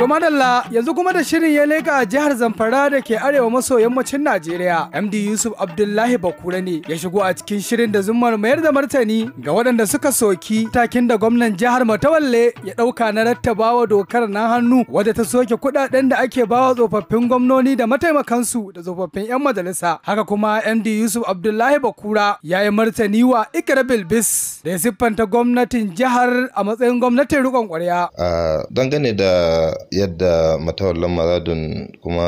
To madalla yanzu kuma da shirin ya leka a jihar Zamfara da ke arewa maso yammacin Najeriya. MD Yusuf Abdullahi Bakura ne ya shigo a cikin shirin da zummar mayar da martani ga waɗanda suka soki takin da gwamnan jihar Matawalle ya ɗauka na rattabawa dokar nan hannu wadda ta soke kuɗaɗen da ake bawa tsofaffin gwamnoni da mataimakansu da tsofaffin 'yan majalisa. Haka kuma MD Yusuf Abdullahi Bakura ya yi martani wa Ikra Bilbis da ya siffanta gwamnatin jihar a matsayin gwamnatin riƙon ƙwarya. Dangane da yadda matawallan maradun kuma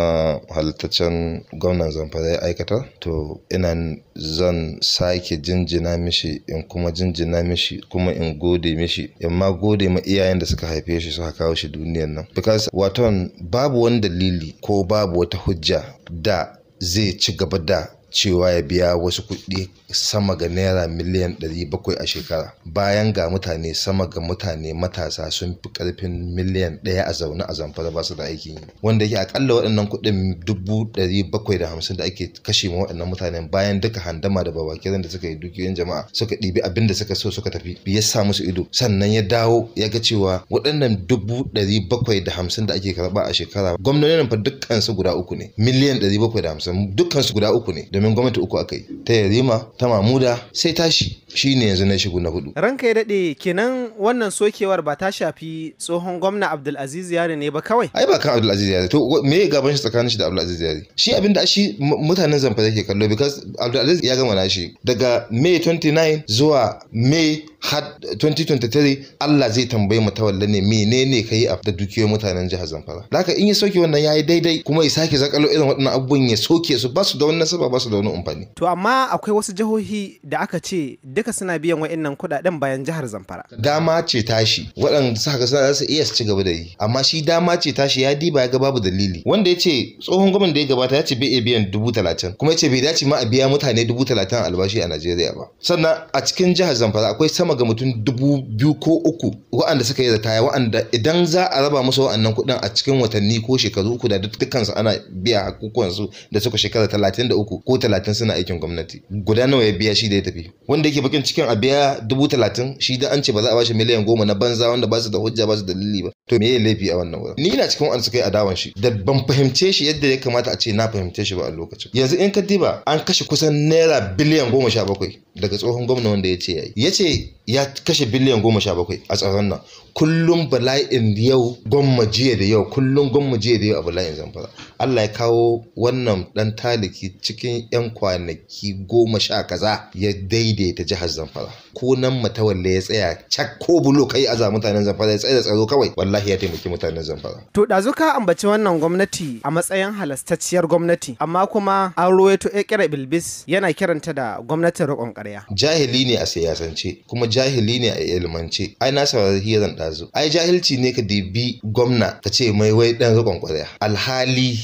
halittaccen gwamnan zamfara ya aikata to ina zan sake jinjina mishi in kuma jinjina mishi kuma in gode mishi in ma gode ma iyayen da suka haife shi suka kawo shi duniyan nan because waton babu wani dalili ko babu wata hujja da zai ci gaba da cewa ya biya wasu kuɗi sama ga naira miliyan 700 a shekara bayan ga mutane sama ga mutane matasa sun fi ƙarfin miliyan ɗaya a zaune a zamfara ba su da aiki wanda yake akalla waɗannan kuɗin 750 da ake kashe ma waɗannan mutanen bayan duka handama da babakiran da suka yi dukiyoyin jama'a suka ɗibi abin da suka so suka tafi ya sa musu ido sannan ya dawo ya ga cewa waɗannan 750 da ake karɓa a shekara gwamnonin fa dukkan su guda uku ne miliyan 750 dukkan su guda uku ne domin gwamnati uku aka yi ta yarima ta mamuda sai tashi shi ne yanzu na shigo na hudu ranka ya daɗe kenan wannan sokewar ba ta shafi tsohon gwamna abdulaziz yare ne ba kawai ai ba kan abdulaziz yare to me ya gaban shi tsakanin shi da abdulaziz yare shi abinda shi mutanen zamfara ke kallo because abdulaziz ya gama nashi daga may 29 zuwa may har 2023 Allah zai tambaye mu tawalla ne menene ka yi da dukiyoyin mutanen jihar Zamfara haka in ya soke wannan ya yi daidai kuma ya sake zakalo irin waɗannan abubuwan ya soke su ba su da wani nasaba ba su da wani amfani to amma akwai wasu jihohi da aka ce duka suna biyan wa'annan kuɗaɗen bayan jihar Zamfara dama ce tashi waɗanda suka suna za su iya su ci gaba da yi amma shi dama ce tashi ya diba ya ga babu dalili wanda ya ce tsohon gwamnan da ya gabata ya ce bai iya biyan dubu talatin kuma ya ce bai dace ma a biya mutane dubu talatin albashi a Najeriya ba sannan a cikin jihar Zamfara akwai sama sama ga mutum dubu biyu ko uku wa'anda suka yi taya wa'anda idan za a raba musu wa'annan kuɗin a cikin watanni ko shekaru uku da dukkansu ana biya hakukuwansu da suka shekara talatin da uku ko talatin suna aikin gwamnati guda nawa ya biya shi da ya tafi wanda yake bakin cikin a biya dubu talatin shi da an ce ba za a bashi miliyan goma na banza wanda ba su da hujja ba su da dalili ba to me ya laifi a wannan wurin ni na cikin wa'anda suka yi adawan shi da ban fahimce shi yadda ya kamata a ce na fahimce shi ba a lokacin yanzu in ka diba an kashe kusan naira biliyan goma sha bakwai daga tsohon gwamna wanda ya ce ya yi ya ce ya kashe biliyan goma sha bakwai a tsaron nan kullum bala'in yau gwamma jiya da yau kullum gwamma jiya da yau a bala'in zamfara Allah ya kawo wannan dan taliki cikin yan kwanaki goma sha kaza ya daidaita jihar zamfara ko nan matawalle ya tsaya cak ko bulo kai aza mutanen zamfara ya tsaya da tsaro kawai wallahi ya taimaki mutanen zamfara to dazuka ambaci wannan gwamnati a matsayin halastacciyar gwamnati amma kuma an ruwaito ƙirƙirar bilbis yana kiranta da gwamnatin roƙon ƙarya jahili ne a siyasance kuma jahili ne a ilmance ai na saurari hiyar zo ai jahilci ne ka dibi gwamna ka ce mai wai ɗan riƙon ƙwarya alhali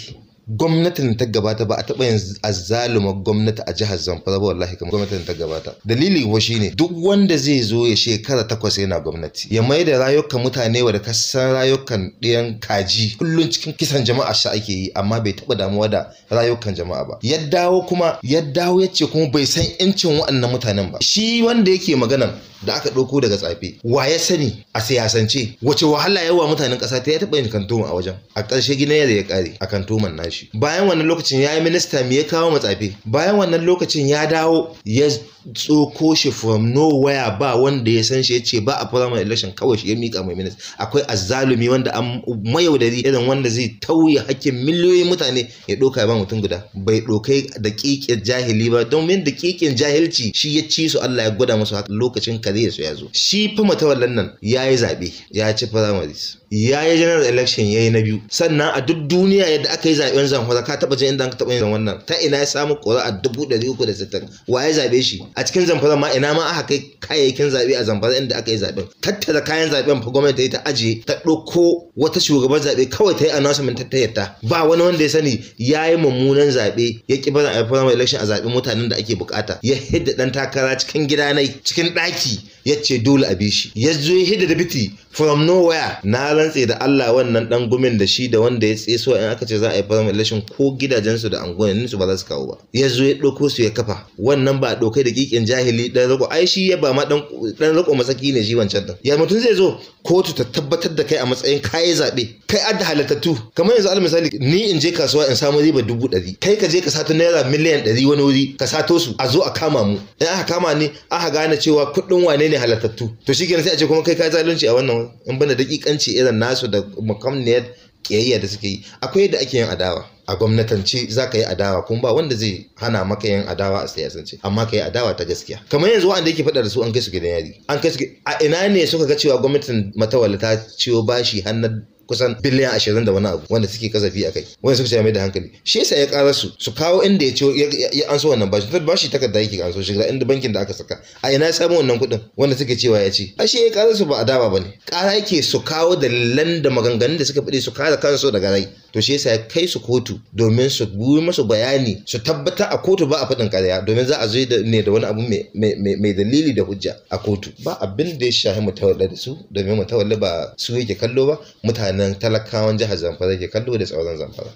gwamnatin ta gabata ba a taɓa yin azzaluma gwamnati a jihar Zamfara ba wallahi kamar gwamnatin ta gabata dalili kuwa shine duk wanda zai zo ya shekara takwas yana gwamnati ya mai da rayukan mutane wa da kasan rayukan ɗiyan kaji kullum cikin kisan jama'a shi ake yi amma bai taɓa damuwa da rayukan jama'a ba ya dawo kuma ya dawo ya ce kuma bai san yancin wa'annan mutanen ba shi wanda yake maganan da aka ɗauko daga tsafe wa ya sani a siyasance wace wahala yawa mutanen ƙasa ta ya taɓa yin kantoma a wajen a ƙarshe gina ya ya ƙare a kantoman nashi shi bayan wannan lokacin ya yi minista me ya kawo matsafi bayan wannan lokacin ya dawo ya tsoko shi from nowhere ba wanda ya san shi ya ce ba a primary election kawai shi ya mika mai minista akwai azzalumi wanda an mayaudari irin wanda zai tauye hakkin miliyoyin mutane ya doka ba mutum guda bai dokai da kikin jahili ba domin da kikin jahilci shi ya ci su Allah ya gwada musu haka lokacin kare su ya zo shi fa matawallan nan ya yi zaɓe ya ci primaries ya yi general election ya yi na biyu sannan a duk duniya yadda aka yi zaɓen zan zanhura ka taba jin inda ka taba yin wannan ta ina ya samu a dubu dari uku da sittin wa ya zaɓe shi a cikin zamfara ma ina ma aka kai kayayyakin zabe a zamfara inda aka yi zaben tattara kayan zaɓen fa gwamnati ta ajiye ta ɗauko wata shugaban zabe kawai ta yi announcement ta ba wani wanda ya sani ya yi mummunan zabe ya ƙi bara a primary election a zabe mutanen da ake bukata ya hidda dan takara cikin gidanai cikin ɗaki ya ce dole a bi shi ya zo ya hidda da biti from nowhere na rantse da Allah wannan dan gumin da shi da wanda ya so in aka ce za a yi primary population ko gidajensu da anguwanninsu ba za su kawo ba ya zo ya ɗauko su ya kafa wannan ba ɗaukai da kikin jahili ɗan rako ai shi ya ba ma ɗan rako masaki ne shi wancan ɗin ya mutum zai zo kotu ta tabbatar da kai a matsayin kayan zaɓe kai adda halartattu. kamar yanzu alal misali ni in je kasuwa in samu riba dubu ɗari kai ka je ka sato naira miliyan ɗari wani wuri ka sato su a zo a kama mu in aka kama ni aka gane cewa kuɗin wane ne halattattu to shi sai a ce kuma kai ka zalunci a wannan in bana dakikanci irin nasu da mukamniyar ƙiyayya da suke yi akwai yadda ake yin adawa a gwamnatance za ka yi adawa kuma ba wanda zai hana maka yin adawa a siyasance amma ka yi adawa ta gaskiya kamar yanzu wanda yake faɗa da su an kai su gidan yari an a ina ne suka ga cewa gwamnatin Matawala ta ciyo bashi hannar kusan biliyan ashirin da wani abu wanda suke kasafi a kai wanda suka ce mai da hankali shi yasa ya ƙara su su kawo inda ya ce ya so wannan bashi bashi takarda yake so shi inda bankin da aka saka a ina ya samu wannan kuɗin wanda suke cewa ya ci ashe ya ƙara su ba a ba ne ƙara yake su kawo dalilan da maganganun da suka faɗi su kare kansu daga rai to shi yasa ya kai su kotu domin su buyi masu bayani su tabbata a kotu ba a faɗin ƙarya domin za a zo ne da wani abu mai dalili da hujja a kotu ba abin da ya shahi mutawalla da su domin mutawalla ba su yake kallo ba mutanen talakawan jihar zamfara ke kallo da tsauran zamfara